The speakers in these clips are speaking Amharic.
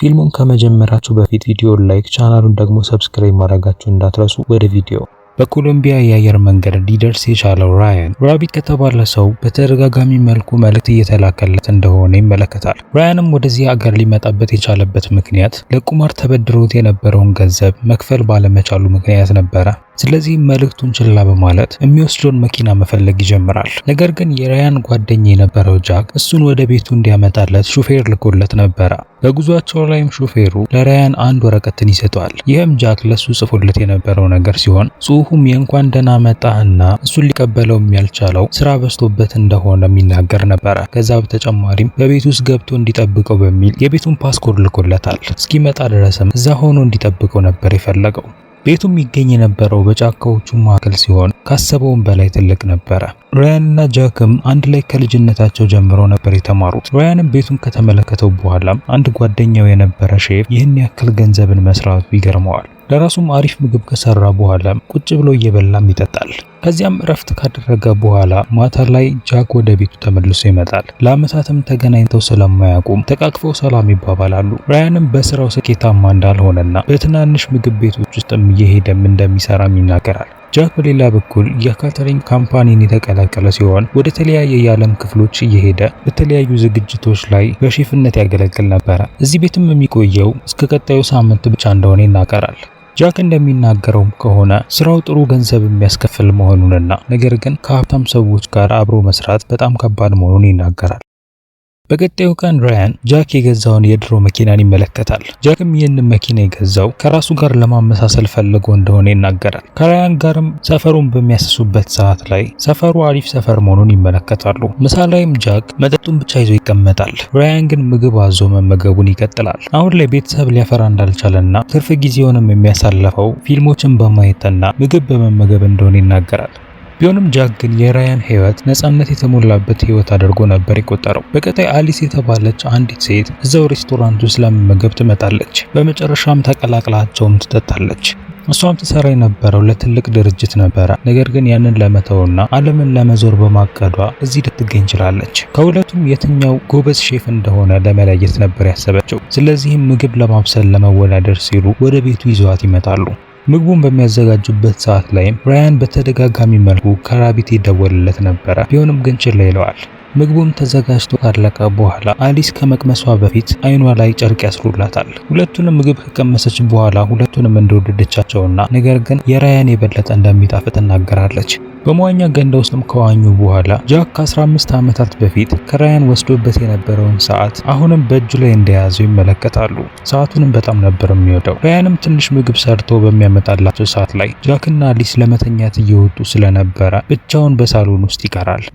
ፊልሙን ከመጀመራችሁ በፊት ቪዲዮን ላይክ ቻናሉን ደግሞ ሰብስክራይብ ማድረጋችሁ እንዳትረሱ። ወደ ቪዲዮ በኮሎምቢያ የአየር መንገድ ሊደርስ የቻለው ራያን ራቢት ከተባለ ሰው በተደጋጋሚ መልኩ መልእክት እየተላከለት እንደሆነ ይመለከታል። ራያንም ወደዚህ አገር ሊመጣበት የቻለበት ምክንያት ለቁማር ተበድሮት የነበረውን ገንዘብ መክፈል ባለመቻሉ ምክንያት ነበረ። ስለዚህ መልእክቱን ችላ በማለት የሚወስደውን መኪና መፈለግ ይጀምራል። ነገር ግን የራያን ጓደኛ የነበረው ጃክ እሱን ወደ ቤቱ እንዲያመጣለት ሹፌር ልኮለት ነበረ። በጉዟቸው ላይም ሹፌሩ ለራያን አንድ ወረቀትን ይሰጠዋል። ይህም ጃክ ለሱ ጽፎለት የነበረው ነገር ሲሆን ጽሁፉም የእንኳን ደህና መጣህና እሱን ሊቀበለውም ያልቻለው ስራ በዝቶበት እንደሆነ የሚናገር ነበረ። ከዛ በተጨማሪም በቤት ውስጥ ገብቶ እንዲጠብቀው በሚል የቤቱን ፓስፖርት ልኮለታል። እስኪመጣ ድረስም እዛ ሆኖ እንዲጠብቀው ነበር የፈለገው። ቤቱ የሚገኝ የነበረው በጫካዎቹ መካከል ሲሆን ካሰበውም በላይ ትልቅ ነበረ። ራያን እና ጃክም አንድ ላይ ከልጅነታቸው ጀምሮ ነበር የተማሩት። ራያንም ቤቱን ከተመለከተው በኋላም አንድ ጓደኛው የነበረ ሼፍ ይህን ያክል ገንዘብን መስራቱ ይገርመዋል። ለራሱም አሪፍ ምግብ ከሰራ በኋላ ቁጭ ብሎ እየበላም ይጠጣል። ከዚያም እረፍት ካደረገ በኋላ ማታ ላይ ጃክ ወደ ቤቱ ተመልሶ ይመጣል። ለአመታትም ተገናኝተው ስለማያውቁም ተቃቅፈው ሰላም ይባባላሉ። ራያንም በስራው ስኬታማ እንዳልሆነና በትናንሽ ምግብ ቤቶች ውስጥም እየሄደም እንደሚሰራም ይናገራል። ጃክ በሌላ በኩል የካተሪንግ ካምፓኒን የተቀላቀለ ሲሆን ወደ ተለያየ የዓለም ክፍሎች እየሄደ በተለያዩ ዝግጅቶች ላይ በሼፍነት ያገለግል ነበረ። እዚህ ቤትም የሚቆየው እስከ ቀጣዩ ሳምንት ብቻ እንደሆነ ይናገራል። ጃክ እንደሚናገረው ከሆነ ስራው ጥሩ ገንዘብ የሚያስከፍል መሆኑንና ነገር ግን ከሀብታም ሰዎች ጋር አብሮ መስራት በጣም ከባድ መሆኑን ይናገራል። በቀጣዩ ቀን ራያን ጃክ የገዛውን የድሮ መኪናን ይመለከታል። ጃክም ይህንን መኪና የገዛው ከራሱ ጋር ለማመሳሰል ፈልጎ እንደሆነ ይናገራል። ከራያን ጋርም ሰፈሩን በሚያስሱበት ሰዓት ላይ ሰፈሩ አሪፍ ሰፈር መሆኑን ይመለከታሉ። ምሳ ላይም ጃክ መጠጡን ብቻ ይዞ ይቀመጣል። ራያን ግን ምግብ አዞ መመገቡን ይቀጥላል። አሁን ላይ ቤተሰብ ሊያፈራ እንዳልቻለና ትርፍ ጊዜውንም የሚያሳልፈው ፊልሞችን በማየትና ምግብ በመመገብ እንደሆነ ይናገራል። ቢሆንም ጃክ ግን የራያን ህይወት ነጻነት የተሞላበት ህይወት አድርጎ ነበር የቆጠረው። በቀጣይ አሊስ የተባለች አንዲት ሴት እዛው ሬስቶራንት ውስጥ ለመመገብ ትመጣለች። በመጨረሻም ተቀላቅላቸውም ትጠጣለች። እሷም ትሰራ የነበረው ለትልቅ ድርጅት ነበረ። ነገር ግን ያንን ለመተውና ዓለምን ለመዞር በማቀዷ እዚህ ልትገኝ ችላለች። ከሁለቱም የትኛው ጎበዝ ሼፍ እንደሆነ ለመለየት ነበር ያሰበችው። ስለዚህም ምግብ ለማብሰል ለመወዳደር ሲሉ ወደ ቤቱ ይዘዋት ይመጣሉ። ምግቡን በሚያዘጋጅበት ሰዓት ላይም ራያን በተደጋጋሚ መልኩ ከራቢት ይደወልለት ነበረ። ቢሆንም ግን ችላ ይለዋል። ምግቡም ተዘጋጅቶ ካለቀ በኋላ አሊስ ከመቅመሷ በፊት አይኗ ላይ ጨርቅ ያስሩላታል። ሁለቱንም ምግብ ከቀመሰች በኋላ ሁለቱንም እንደወደደቻቸውና ነገር ግን የራያን የበለጠ እንደሚጣፍጥ ትናገራለች። በመዋኛ ገንዳ ውስጥም ከዋኙ በኋላ ጃክ ከ15 ዓመታት በፊት ከራያን ወስዶበት የነበረውን ሰዓት አሁንም በእጁ ላይ እንደያዘው ይመለከታሉ። ሰዓቱንም በጣም ነበር የሚወደው። ራያንም ትንሽ ምግብ ሰርቶ በሚያመጣላቸው ሰዓት ላይ ጃክና አሊስ ለመተኛት እየወጡ ስለነበረ ብቻውን በሳሎን ውስጥ ይቀራል።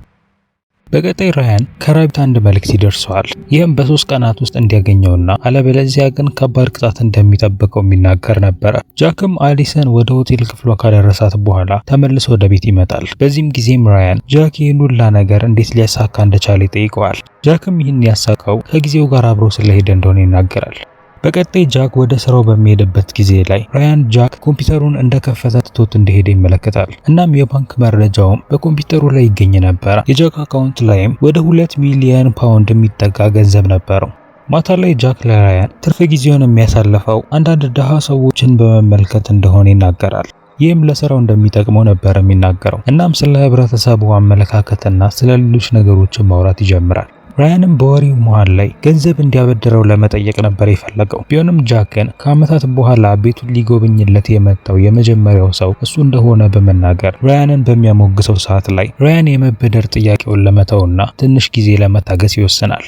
በቀጣይ ራያን ከራቢት አንድ መልእክት ይደርሰዋል። ይህም በሶስት ቀናት ውስጥ እንዲያገኘውና አለበለዚያ ግን ከባድ ቅጣት እንደሚጠብቀው የሚናገር ነበረ። ጃክም አሊሰን ወደ ሆቴል ክፍሏ ካደረሳት በኋላ ተመልሶ ወደ ቤት ይመጣል። በዚህም ጊዜም ራያን ጃክ ይህን ሁላ ነገር እንዴት ሊያሳካ እንደቻለ ይጠይቀዋል። ጃክም ይህን ያሳካው ከጊዜው ጋር አብሮ ስለሄደ እንደሆነ ይናገራል። በቀጣይ ጃክ ወደ ስራው በሚሄድበት ጊዜ ላይ ራያን ጃክ ኮምፒውተሩን እንደከፈተ ትቶት እንደሄደ ይመለከታል። እናም የባንክ መረጃውም በኮምፒውተሩ ላይ ይገኝ ነበር የጃክ አካውንት ላይም ወደ ሁለት ሚሊዮን ፓውንድ የሚጠጋ ገንዘብ ነበረው። ማታ ላይ ጃክ ለራያን ትርፍ ጊዜውን የሚያሳልፈው አንዳንድ ድሃ ሰዎችን በመመልከት እንደሆነ ይናገራል። ይህም ለስራው እንደሚጠቅመው ነበር የሚናገረው። እናም ስለ ህብረተሰቡ አመለካከትና ስለ ሌሎች ነገሮችን ማውራት ይጀምራል። ራያንም በወሪው መሃል ላይ ገንዘብ እንዲያበድረው ለመጠየቅ ነበር የፈለገው። ቢሆንም ጃክን ከአመታት ከዓመታት በኋላ ቤቱን ሊጎበኝለት የመጣው የመጀመሪያው ሰው እሱ እንደሆነ በመናገር ራያንን በሚያሞግሰው ሰዓት ላይ ራያን የመበደር ጥያቄውን ለመተውና ትንሽ ጊዜ ለመታገስ ይወስናል።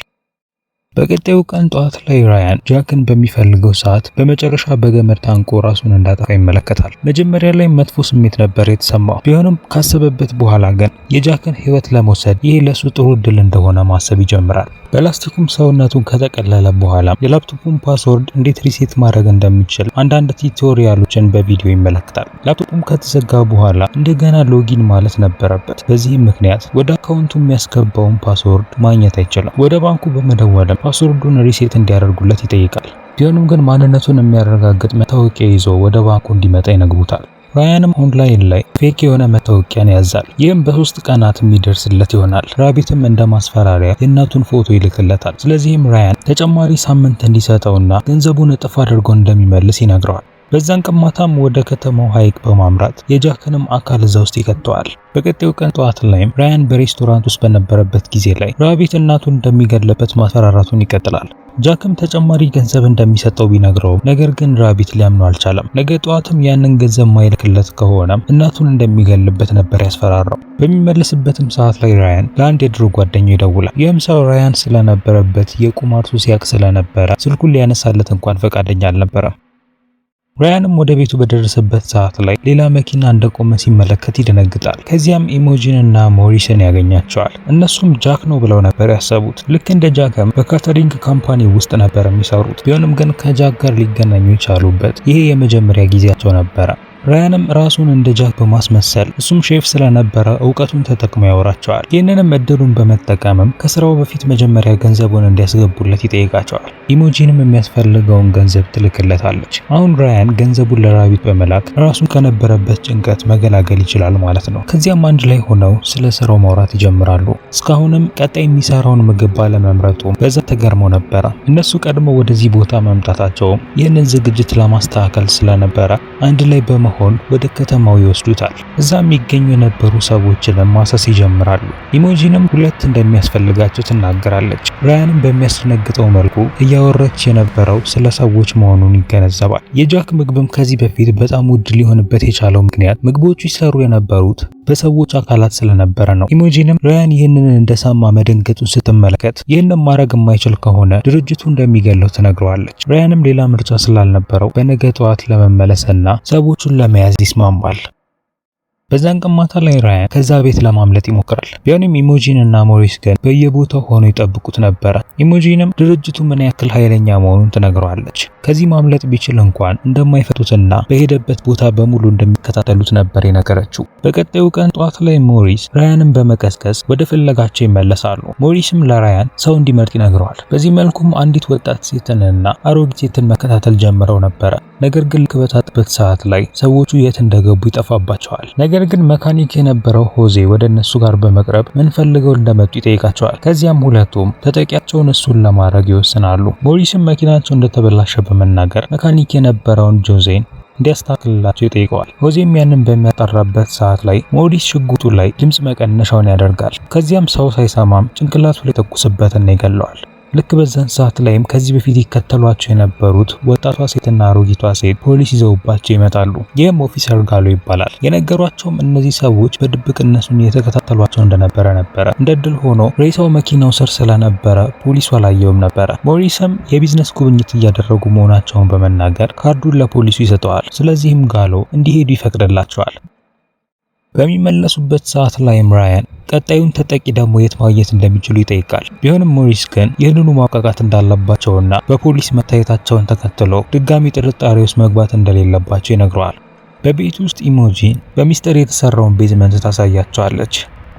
በቀጣዩ ቀን ጠዋት ላይ ራያን ጃክን በሚፈልገው ሰዓት በመጨረሻ በገመድ ታንቆ ራሱን እንዳጠፋ ይመለከታል። መጀመሪያ ላይ መጥፎ ስሜት ነበር የተሰማው። ቢሆንም ካሰበበት በኋላ ግን የጃክን ሕይወት ለመውሰድ ይህ ለሱ ጥሩ እድል እንደሆነ ማሰብ ይጀምራል። በላስቲኩም ሰውነቱን ከተቀለለ በኋላ የላፕቶፑን ፓስወርድ እንዴት ሪሴት ማድረግ እንደሚችል አንዳንድ ቲቶሪያሎችን በቪዲዮ ይመለከታል። ላፕቶፑም ከተዘጋ በኋላ እንደገና ሎጊን ማለት ነበረበት። በዚህም ምክንያት ወደ አካውንቱ የሚያስገባውን ፓስወርድ ማግኘት አይችልም። ወደ ባንኩ በመደወልም ፓስወርዱን ሪሴት እንዲያደርጉለት ይጠይቃል። ቢሆንም ግን ማንነቱን የሚያረጋግጥ መታወቂያ ይዞ ወደ ባንኩ እንዲመጣ ይነግሩታል። ራያንም ኦንላይን ላይ ፌክ የሆነ መታወቂያን ያዛል። ይህም በሶስት ቀናት የሚደርስለት ይሆናል። ራቢትም እንደ ማስፈራሪያ የእናቱን ፎቶ ይልክለታል። ስለዚህም ራያን ተጨማሪ ሳምንት እንዲሰጠውና ገንዘቡን እጥፍ አድርጎ እንደሚመልስ ይነግረዋል። በዛን ቀን ማታም ወደ ከተማው ሐይቅ በማምራት የጃክንም አካል እዛ ውስጥ ይከተዋል። በቀጣዩ ቀን ጠዋት ላይም ራያን በሬስቶራንት ውስጥ በነበረበት ጊዜ ላይ ራቢት እናቱን እንደሚገለበት ማፈራራቱን ይቀጥላል። ጃክም ተጨማሪ ገንዘብ እንደሚሰጠው ቢነግረውም ነገር ግን ራቢት ሊያምነው አልቻለም። ነገ ጠዋትም ያንን ገንዘብ ማይልክለት ከሆነም እናቱን እንደሚገልበት ነበር ያስፈራራው። በሚመለስበትም ሰዓት ላይ ራያን ለአንድ የድሮ ጓደኛው ይደውላል። ይህም ሰው ራያን ስለነበረበት የቁማር ሱስ ስለነበረ ስልኩን ሊያነሳለት እንኳን ፈቃደኛ አልነበረም። ራያንም ወደ ቤቱ በደረሰበት ሰዓት ላይ ሌላ መኪና እንደቆመ ሲመለከት ይደነግጣል። ከዚያም ኢሞጂን እና ሞሪሰን ያገኛቸዋል። እነሱም ጃክ ነው ብለው ነበር ያሰቡት። ልክ እንደ ጃክም በካተሪንግ ካምፓኒ ውስጥ ነበር የሚሰሩት። ቢሆንም ግን ከጃክ ጋር ሊገናኙ የቻሉበት ይሄ የመጀመሪያ ጊዜያቸው ነበረ። ራያንም ራሱን እንደ ጃክ በማስመሰል እሱም ሼፍ ስለነበረ እውቀቱን ተጠቅሞ ያወራቸዋል። ይህንንም እድሉን በመጠቀምም ከስራው በፊት መጀመሪያ ገንዘቡን እንዲያስገቡለት ይጠይቃቸዋል። ኢሞጂንም የሚያስፈልገውን ገንዘብ ትልክለታለች። አሁን ራያን ገንዘቡን ለራቢት በመላክ ራሱን ከነበረበት ጭንቀት መገላገል ይችላል ማለት ነው። ከዚያም አንድ ላይ ሆነው ስለ ስራው ማውራት ይጀምራሉ። እስካሁንም ቀጣይ የሚሰራውን ምግብ ባለመምረጡ በዛ ተገርመው ነበረ። እነሱ ቀድሞ ወደዚህ ቦታ መምጣታቸውም ይህንን ዝግጅት ለማስተካከል ስለነበረ አንድ ላይ በመ በመሆን ወደ ከተማው ይወስዱታል። እዛ የሚገኙ የነበሩ ሰዎችን ለማሰስ ይጀምራሉ። ኢሞጂንም ሁለት እንደሚያስፈልጋቸው ትናገራለች። ራያንም በሚያስደነግጠው መልኩ እያወረች የነበረው ስለ ሰዎች መሆኑን ይገነዘባል። የጃክ ምግብም ከዚህ በፊት በጣም ውድ ሊሆንበት የቻለው ምክንያት ምግቦቹ ይሰሩ የነበሩት በሰዎች አካላት ስለነበረ ነው። ኢሞጂንም ራያን ይህንን እንደሰማ መደንገጡን ስትመለከት ይህንን ማድረግ የማይችል ከሆነ ድርጅቱ እንደሚገለው ትነግረዋለች። ራያንም ሌላ ምርጫ ስላልነበረው በነገ ጠዋት ለመመለስና ሰዎቹን ለመያዝ ይስማማል። በዛን ቀን ማታ ላይ ራያን ከዛ ቤት ለማምለጥ ይሞክራል። ቢሆንም ኢሞጂን እና ሞሪስ ግን በየቦታው ሆኖ ይጠብቁት ነበረ። ኢሞጂንም ድርጅቱ ምን ያክል ኃይለኛ መሆኑን ትነግረዋለች። ከዚህ ማምለጥ ቢችል እንኳን እንደማይፈቱትና በሄደበት ቦታ በሙሉ እንደሚከታተሉት ነበር የነገረችው። በቀጣዩ ቀን ጧት ላይ ሞሪስ ራያንን በመቀስቀስ ወደ ፍለጋቸው ይመለሳሉ። ሞሪስም ለራያን ሰው እንዲመርጥ ይነግረዋል። በዚህ መልኩም አንዲት ወጣት ሴትንና አሮጊት ሴትን መከታተል ጀምረው ነበረ። ነገር ግን በታትበት ሰዓት ላይ ሰዎቹ የት እንደገቡ ይጠፋባቸዋል። ነገር ግን መካኒክ የነበረው ሆዜ ወደ እነሱ ጋር በመቅረብ ምን ፈልገው እንደመጡ ይጠይቃቸዋል። ከዚያም ሁለቱም ተጠቂያቸውን እሱን ለማድረግ ይወስናሉ። ሞሪስም መኪናቸው እንደተበላሸ በመናገር መካኒክ የነበረውን ጆዜን እንዲያስተካክልላቸው ይጠይቀዋል። ሆዜም ያንን በሚያጣራበት ሰዓት ላይ ሞዲስ ሽጉጡ ላይ ድምፅ መቀነሻውን ያደርጋል። ከዚያም ሰው ሳይሰማም ጭንቅላቱ ላይ ተኩስበትና ይገለዋል። ልክ በዛን ሰዓት ላይም ከዚህ በፊት ይከተሏቸው የነበሩት ወጣቷ ሴትና አሮጊቷ ሴት ፖሊስ ይዘውባቸው ይመጣሉ። ይህም ኦፊሰር ጋሎ ይባላል። የነገሯቸውም እነዚህ ሰዎች በድብቅ እነሱን እንደነበረ ነበረ። እንደ ድል ሆኖ ሬሳው መኪናው ስር ስለነበረ ፖሊሱ አላየውም ነበረ። ሞሪስም የቢዝነስ ጉብኝት እያደረጉ መሆናቸውን በመናገር ካርዱን ለፖሊሱ ይሰጠዋል። ስለዚህም ጋሎ እንዲሄዱ ይፈቅድላቸዋል። በሚመለሱበት ሰዓት ላይም ራያን ቀጣዩን ተጠቂ ደግሞ የት ማግኘት እንደሚችሉ ይጠይቃል። ቢሆንም ሞሪስ ግን ይህንኑ ማውቃቃት እንዳለባቸውና በፖሊስ መታየታቸውን ተከትሎ ድጋሚ ጥርጣሬ ውስጥ መግባት እንደሌለባቸው ይነግረዋል። በቤት ውስጥ ኢሞጂን በሚስጥር የተሰራውን ቤዝመንት ታሳያቸዋለች።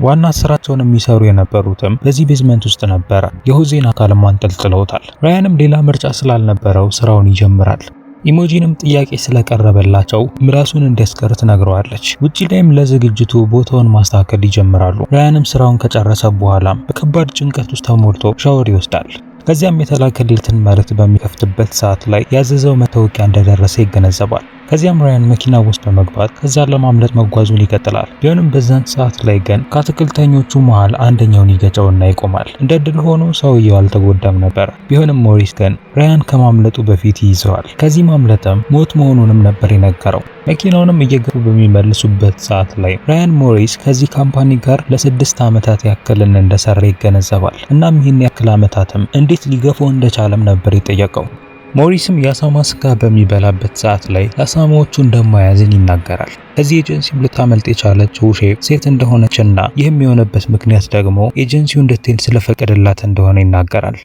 ዋና ስራቸውን የሚሰሩ የነበሩትም በዚህ ቤዝመንት ውስጥ ነበረ። የሆዜን አካልም አንጠልጥለውታል። ራያንም ሌላ ምርጫ ስላልነበረው ስራውን ይጀምራል። ኢሞጂንም ጥያቄ ስለቀረበላቸው ምላሱን እንዲያስቀር ትነግረዋለች። ውጪ ላይም ለዝግጅቱ ቦታውን ማስተካከል ይጀምራሉ። ራያንም ስራውን ከጨረሰ በኋላም በከባድ ጭንቀት ውስጥ ተሞልቶ ሻወር ይወስዳል። ከዚያም የተላከለትን መልእክት በሚከፍትበት ሰዓት ላይ ያዘዘው መታወቂያ እንደደረሰ ይገነዘባል። ከዚያም ራያን መኪና ውስጥ በመግባት ከዛ ለማምለጥ መጓዙን ይቀጥላል። ቢሆንም በዛን ሰዓት ላይ ግን ከአትክልተኞቹ መሃል አንደኛውን ይገጨውና ይቆማል። እንደ ድል ሆኖ ሰውየው አልተጎዳም ነበር። ቢሆንም ሞሪስ ግን ራያን ከማምለጡ በፊት ይይዘዋል። ከዚህ ማምለጥም ሞት መሆኑንም ነበር የነገረው። መኪናውንም እየገፉ በሚመልሱበት ሰዓት ላይ ራያን ሞሪስ ከዚህ ካምፓኒ ጋር ለስድስት ዓመታት ያክልን እንደሰራ ይገነዘባል። እናም ይህን ያክል ዓመታትም እንዴት ሊገፋው እንደቻለም ነበር የጠየቀው። ሞሪስም የአሳማ ስጋ በሚበላበት ሰዓት ላይ አሳማዎቹ እንደማያዝን ይናገራል። ከዚህ ኤጀንሲም ልታመልጥ የቻለች ውሼ ሴት እንደሆነችና ይህም የሆነበት ምክንያት ደግሞ ኤጀንሲው እንድትሄድ ስለፈቀደላት እንደሆነ ይናገራል።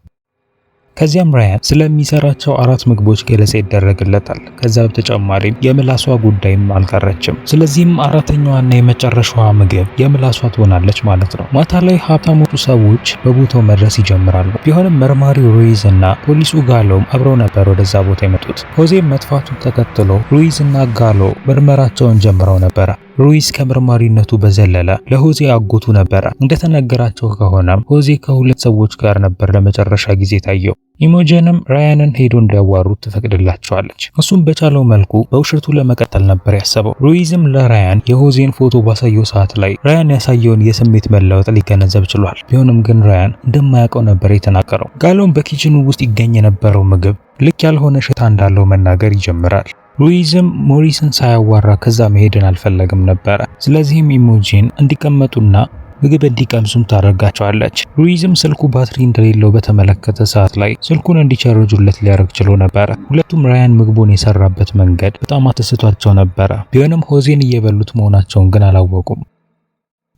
ከዚያም ራያን ስለሚሰራቸው አራት ምግቦች ገለጻ ይደረግለታል። ከዛ በተጨማሪም የምላሷ ጉዳይም አልቀረችም። ስለዚህም አራተኛዋና የመጨረሻዋ ምግብ የምላሷ ትሆናለች ማለት ነው። ማታ ላይ ሀብታሞቹ ሰዎች በቦታው መድረስ ይጀምራሉ። ቢሆንም መርማሪው ሩይዝ እና ፖሊሱ ጋሎ አብረው ነበር ወደዛ ቦታ የመጡት። ሆዜም መጥፋቱን ተከትሎ ሩይዝ እና ጋሎ ምርመራቸውን ጀምረው ነበር። ሩይስ ከመርማሪነቱ በዘለለ ለሆዜ አጎቱ ነበረ። እንደተነገራቸው ከሆነም ሆዜ ከሁለት ሰዎች ጋር ነበር ለመጨረሻ ጊዜ ታየው። ኢሞጀንም ራያንን ሄዶ እንዲያዋሩት ትፈቅድላቸዋለች። እሱም በቻለው መልኩ በውሸቱ ለመቀጠል ነበር ያሰበው። ሩይዝም ለራያን የሆዜን ፎቶ ባሳየው ሰዓት ላይ ራያን ያሳየውን የስሜት መለወጥ ሊገነዘብ ችሏል። ቢሆንም ግን ራያን እንደማያውቀው ነበር የተናገረው። ጋሎን በኪችኑ ውስጥ ይገኝ የነበረው ምግብ ልክ ያልሆነ ሽታ እንዳለው መናገር ይጀምራል። ሩይዝም ሞሪስን ሳያዋራ ከዛ መሄድን አልፈለግም ነበረ። ስለዚህም ኢሞጂን እንዲቀመጡና ምግብ እንዲቀምሱም ታደርጋቸዋለች። ሉዊዝም ስልኩ ባትሪ እንደሌለው በተመለከተ ሰዓት ላይ ስልኩን እንዲቸርጁለት ሊያደርግ ችሎ ነበረ። ሁለቱም ራያን ምግቡን የሰራበት መንገድ በጣም አስስቷቸው ነበረ። ቢሆንም ሆዜን እየበሉት መሆናቸውን ግን አላወቁም።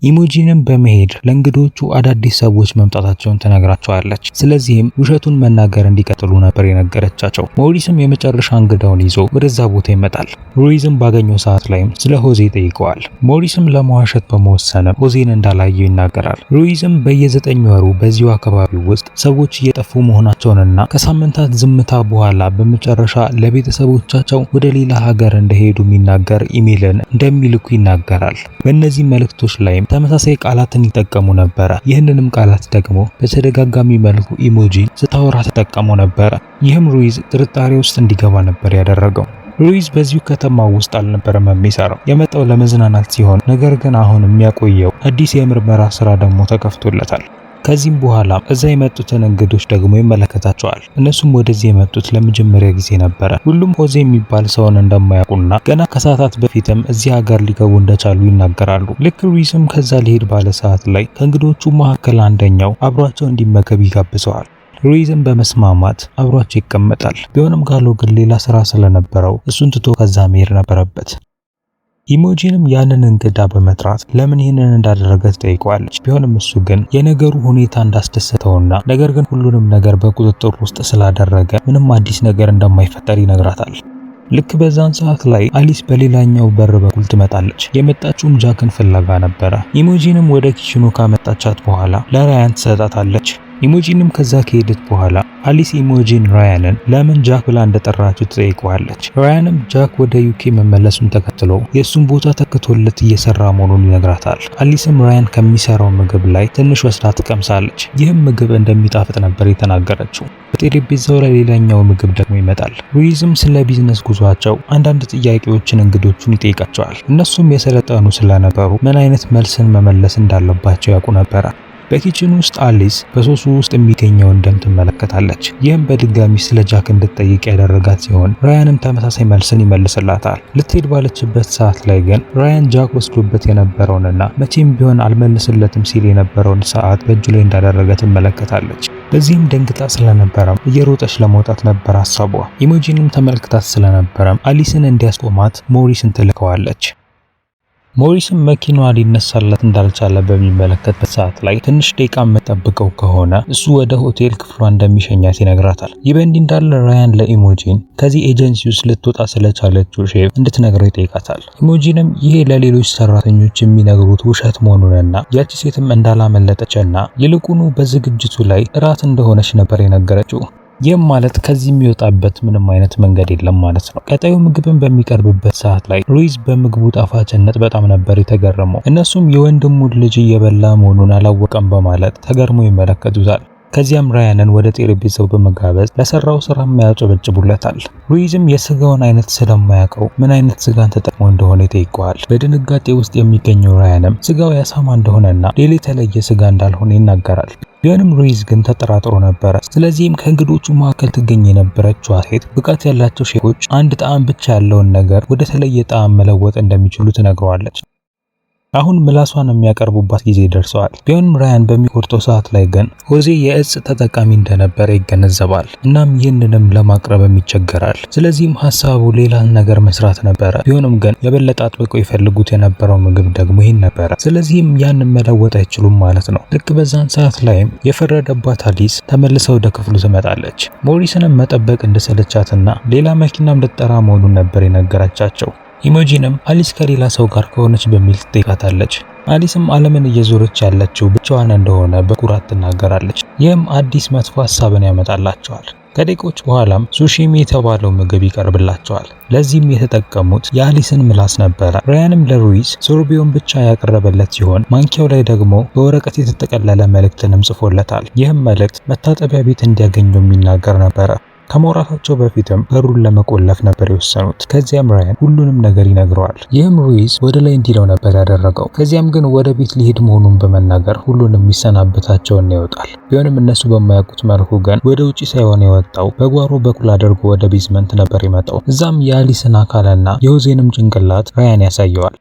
ኢሞጂንም በመሄድ ለእንግዶቹ አዳዲስ ሰዎች መምጣታቸውን ትነግራቸዋለች። ስለዚህም ውሸቱን መናገር እንዲቀጥሉ ነበር የነገረቻቸው። ሞሪስም የመጨረሻ እንግዳውን ይዞ ወደዛ ቦታ ይመጣል። ሩይዝም ባገኘው ሰዓት ላይም ስለ ሆዜ ጠይቀዋል። ሞሪስም ለመዋሸት በመወሰንም ሆዜን እንዳላየው ይናገራል። ሩይዝም በየዘጠኝ ወሩ በዚሁ አካባቢ ውስጥ ሰዎች እየጠፉ መሆናቸውንና ከሳምንታት ዝምታ በኋላ በመጨረሻ ለቤተሰቦቻቸው ወደ ሌላ ሀገር እንደሄዱ የሚናገር ኢሜልን እንደሚልኩ ይናገራል። በእነዚህ መልእክቶች ላይም ተመሳሳይ ቃላትን ይጠቀሙ ነበረ። ይህንንም ቃላት ደግሞ በተደጋጋሚ መልኩ ኢሞጂ ስታወራ ተጠቀሙ ነበረ። ይህም ሩይዝ ጥርጣሬ ውስጥ እንዲገባ ነበር ያደረገው። ሩይዝ በዚሁ ከተማ ውስጥ አልነበረም የሚሰራው የመጣው ለመዝናናት ሲሆን፣ ነገር ግን አሁን የሚያቆየው አዲስ የምርመራ ስራ ደግሞ ተከፍቶለታል። ከዚህም በኋላ እዛ የመጡትን እንግዶች ደግሞ ይመለከታቸዋል። እነሱም ወደዚህ የመጡት ለመጀመሪያ ጊዜ ነበረ። ሁሉም ሆዜ የሚባል ሰውን እንደማያውቁና ገና ከሰዓታት በፊትም እዚህ ሀገር ሊገቡ እንደቻሉ ይናገራሉ። ልክ ሉዊስም ከዛ ሊሄድ ባለ ሰዓት ላይ ከእንግዶቹ መካከል አንደኛው አብሯቸው እንዲመገብ ይጋብዘዋል። ሉዊዝም በመስማማት አብሯቸው ይቀመጣል። ቢሆንም ጋሎ ግን ሌላ ስራ ስለነበረው እሱን ትቶ ከዛ መሄድ ነበረበት። ኢሞጂንም ያንን እንግዳ በመጥራት ለምን ይህንን እንዳደረገ ትጠይቀዋለች። ቢሆንም እሱ ግን የነገሩ ሁኔታ እንዳስደሰተውና ነገር ግን ሁሉንም ነገር በቁጥጥር ውስጥ ስላደረገ ምንም አዲስ ነገር እንደማይፈጠር ይነግራታል። ልክ በዛን ሰዓት ላይ አሊስ በሌላኛው በር በኩል ትመጣለች። የመጣችውም ጃክን ፍለጋ ነበረ። ኢሞጂንም ወደ ኪችኑ ካመጣቻት በኋላ ለራያን ትሰጣታለች። ኢሞጂንም ከዛ ከሄደች በኋላ አሊስ ኢሞጂን ራያንን ለምን ጃክ ብላ እንደጠራችው ትጠይቀዋለች። ራያንም ጃክ ወደ ዩኬ መመለሱን ተከትሎ የእሱን ቦታ ተክቶለት እየሰራ መሆኑን ይነግራታል። አሊስም ራያን ከሚሰራው ምግብ ላይ ትንሽ ወስዳ ትቀምሳለች። ይህም ምግብ እንደሚጣፍጥ ነበር የተናገረችው። በጠረጴዛው ላይ ሌላኛው ምግብ ደግሞ ይመጣል። ሩይዝም ስለ ቢዝነስ ጉዟቸው አንዳንድ ጥያቄዎችን እንግዶቹን ይጠይቃቸዋል። እነሱም የሰለጠኑ ስለነበሩ ምን አይነት መልስን መመለስ እንዳለባቸው ያውቁ ነበረ። በኪችን ውስጥ አሊስ በሶሱ ውስጥ የሚገኘውን ደም ትመለከታለች። ይህም በድጋሚ ስለ ጃክ እንድትጠይቅ ያደረጋት ሲሆን ራያንም ተመሳሳይ መልስን ይመልስላታል። ልትሄድ ባለችበት ሰዓት ላይ ግን ራያን ጃክ ወስዶበት የነበረውንና መቼም ቢሆን አልመልስለትም ሲል የነበረውን ሰዓት በእጁ ላይ እንዳደረገ ትመለከታለች። በዚህም ደንግጣ ስለነበረም እየሮጠች ለመውጣት ነበር ሀሳቧ። ኢሞጂንም ተመልክታት ስለነበረም አሊስን እንዲያስቆማት ሞሪስን ትልከዋለች። ሞሪስም መኪናዋ ሊነሳላት እንዳልቻለ በሚመለከትበት ሰዓት ላይ ትንሽ ደቂቃ የምጠብቀው ከሆነ እሱ ወደ ሆቴል ክፍሏ እንደሚሸኛት ይነግራታል። ይህ በእንዲህ እንዳለ ራያን ለኢሞጂን ከዚህ ኤጀንሲ ውስጥ ልትወጣ ስለቻለችው ሼፍ እንድትነግረው ይጠይቃታል። ኢሞጂንም ይሄ ለሌሎች ሰራተኞች የሚነግሩት ውሸት መሆኑንና ያቺ ሴትም እንዳላመለጠችና ይልቁኑ በዝግጅቱ ላይ እራት እንደሆነች ነበር የነገረችው። ይህም ማለት ከዚህ የሚወጣበት ምንም አይነት መንገድ የለም ማለት ነው። ቀጣዩ ምግብን በሚቀርብበት ሰዓት ላይ ሩይዝ በምግቡ ጣፋጭነት በጣም ነበር የተገረመው። እነሱም የወንድሙን ልጅ እየበላ መሆኑን አላወቀም በማለት ተገርሞ ይመለከቱታል። ከዚያም ራያንን ወደ ጠረጴዛው በመጋበዝ ለሰራው ስራ ያጨበጭቡለታል። ሉዊዝም የስጋውን አይነት ስለማያውቀው ምን አይነት ስጋን ተጠቅሞ እንደሆነ ይጠይቀዋል። በድንጋጤ ውስጥ የሚገኘው ራያንም ስጋው ያሳማ እንደሆነና ሌላ የተለየ ስጋ እንዳልሆነ ይናገራል። ቢሆንም ሩይዝ ግን ተጠራጥሮ ነበረ። ስለዚህም ከእንግዶቹ መካከል ትገኝ የነበረችዋ ሴት ብቃት ያላቸው ሼፎች አንድ ጣዕም ብቻ ያለውን ነገር ወደ ተለየ ጣዕም መለወጥ እንደሚችሉ ትነግረዋለች። አሁን ምላሷን የሚያቀርቡባት ጊዜ ደርሰዋል። ቢሆንም ራያን በሚቆርጠው ሰዓት ላይ ግን ሆዜ የእጽ ተጠቃሚ እንደነበረ ይገነዘባል። እናም ይህንንም ለማቅረብም ይቸገራል። ስለዚህም ሀሳቡ ሌላ ነገር መስራት ነበረ። ቢሆንም ግን የበለጠ አጥብቆ ይፈልጉት የነበረው ምግብ ደግሞ ይህን ነበረ። ስለዚህም ያንን መለወጥ አይችሉም ማለት ነው። ልክ በዛን ሰዓት ላይም የፈረደባት አሊስ ተመልሳ ወደ ክፍሉ ትመጣለች። ሞሪስንም መጠበቅ እንደሰለቻትና ሌላ መኪናም ልጠራ መሆኑን ነበር የነገረቻቸው። ኢሞጂንም አሊስ ከሌላ ሰው ጋር ከሆነች በሚል ትጠይቃታለች። አሊስም ዓለምን እየዞረች ያለችው ብቻዋን እንደሆነ በኩራት ትናገራለች። ይህም አዲስ መጥፎ ሀሳብን ያመጣላቸዋል። ከደቂቆች በኋላም ሱሺሚ የተባለው ምግብ ይቀርብላቸዋል። ለዚህም የተጠቀሙት የአሊስን ምላስ ነበረ። ራያንም ለሩይስ ሶርቢዮን ብቻ ያቀረበለት ሲሆን ማንኪያው ላይ ደግሞ በወረቀት የተጠቀለለ መልእክትንም ጽፎለታል። ይህም መልእክት መታጠቢያ ቤት እንዲያገኘው የሚናገር ነበረ። ከመውራታቸው በፊትም በሩን ለመቆለፍ ነበር የወሰኑት። ከዚያም ራያን ሁሉንም ነገር ይነግረዋል። ይህም ሩይዝ ወደ ላይ እንዲለው ነበር ያደረገው። ከዚያም ግን ወደ ቤት ሊሄድ መሆኑን በመናገር ሁሉንም ይሰናበታቸውና ይወጣል። ቢሆንም እነሱ በማያውቁት መልኩ ግን ወደ ውጭ ሳይሆን የወጣው በጓሮ በኩል አድርጎ ወደ ቤዝመንት ነበር ይመጣው እዛም የአሊስን አካልና የሆዜንም ጭንቅላት ራያን ያሳየዋል።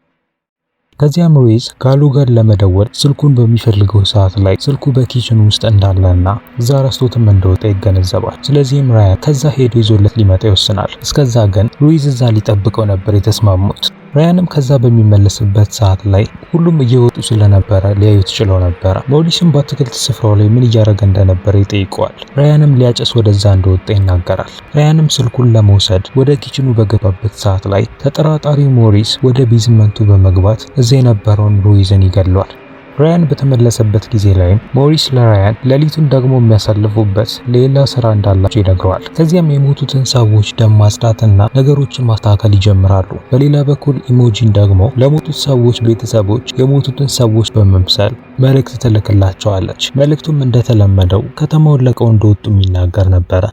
ከዚያም ሬዝ ካሉ ጋር ለመደወል ስልኩን በሚፈልገው ሰዓት ላይ ስልኩ በኪችን ውስጥ እንዳለና እዛ ረስቶትም እንደወጣ ይገነዘባል። ስለዚህም ራያን ከዛ ሄዶ ይዞለት ሊመጣ ይወስናል። እስከዛ ግን ሩይዝ እዛ ሊጠብቀው ነበር የተስማሙት። ራያንም ከዛ በሚመለስበት ሰዓት ላይ ሁሉም እየወጡ ስለነበረ ሊያዩት ችለው ነበረ። ሞሊስም በአትክልት ስፍራው ላይ ምን እያደረገ እንደነበረ ይጠይቀዋል። ራያንም ሊያጨስ ወደዛ እንደወጣ ይናገራል። ራያንም ስልኩን ለመውሰድ ወደ ኪችኑ በገባበት ሰዓት ላይ ተጠራጣሪ ሞሪስ ወደ ቢዝመንቱ በመግባት እዛ የነበረውን ሩይዝን ይገለዋል። ራያን በተመለሰበት ጊዜ ላይም ሞሪስ ለራያን ሌሊቱን ደግሞ የሚያሳልፉበት ሌላ ስራ እንዳላቸው ይነግረዋል። ከዚያም የሞቱትን ሰዎች ደም ማጽዳትና ነገሮችን ማስተካከል ይጀምራሉ። በሌላ በኩል ኢሞጂን ደግሞ ለሞቱት ሰዎች ቤተሰቦች የሞቱትን ሰዎች በመምሰል መልእክት ትልክላቸዋለች። መልእክቱም እንደተለመደው ከተማውን ለቀው እንደወጡ የሚናገር ነበረ።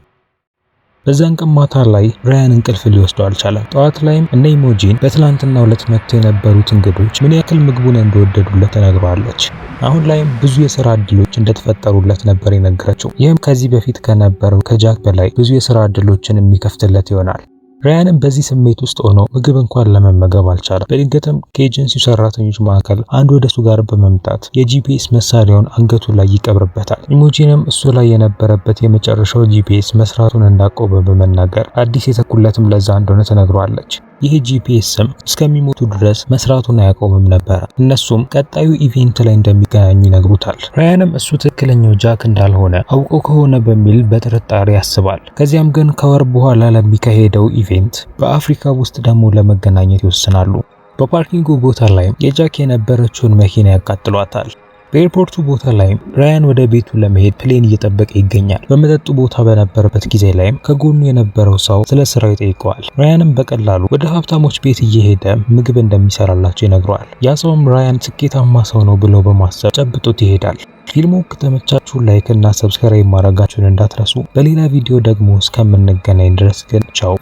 በዛን ቀን ማታ ላይ ብራያን እንቅልፍ ሊወስደው አልቻለም። ጠዋት ላይም እነ ኢሞጂን በትላንትና ሁለት መጥቶ የነበሩት እንግዶች ምን ያክል ምግቡን እንደወደዱለት ተናግረዋለች። አሁን ላይም ብዙ የስራ እድሎች እንደተፈጠሩለት ነበር የነገረችው። ይህም ከዚህ በፊት ከነበረው ከጃክ በላይ ብዙ የስራ እድሎችን የሚከፍትለት ይሆናል። ራያንም በዚህ ስሜት ውስጥ ሆኖ ምግብ እንኳን ለመመገብ አልቻለም። በድንገትም ከኤጀንሲው ሰራተኞች መካከል አንድ ወደሱ ጋር በመምጣት የጂፒኤስ መሳሪያውን አንገቱ ላይ ይቀብርበታል። ኢሞጂንም እሱ ላይ የነበረበት የመጨረሻው ጂፒኤስ መስራቱን እንዳቆመ በመናገር አዲስ የተኩለትም ለዛ እንደሆነ ተነግሯለች። ይህ ጂፒኤስም እስከሚሞቱ ድረስ መስራቱን አያቆምም ነበር። እነሱም ቀጣዩ ኢቬንት ላይ እንደሚገናኙ ይነግሩታል። ራያንም እሱ ትክክለኛው ጃክ እንዳልሆነ አውቆ ከሆነ በሚል በጥርጣሬ ያስባል። ከዚያም ግን ከወር በኋላ ለሚካሄደው ኢቬንት በአፍሪካ ውስጥ ደግሞ ለመገናኘት ይወስናሉ። በፓርኪንጉ ቦታ ላይ የጃክ የነበረችውን መኪና ያቃጥሏታል። በኤርፖርቱ ቦታ ላይ ራያን ወደ ቤቱ ለመሄድ ፕሌን እየጠበቀ ይገኛል። በመጠጡ ቦታ በነበረበት ጊዜ ላይም ከጎኑ የነበረው ሰው ስለ ስራው ይጠይቀዋል። ራያንም በቀላሉ ወደ ሀብታሞች ቤት እየሄደ ምግብ እንደሚሰራላቸው ይነግረዋል። ያ ሰውም ራያን ስኬታማ ሰው ነው ብሎ በማሰብ ጨብጦት ይሄዳል። ፊልሙ ከተመቻችሁ ላይክ እና ሰብስክራይብ ማድረጋችሁን እንዳትረሱ። በሌላ ቪዲዮ ደግሞ እስከምንገናኝ ድረስ ግን ቻው።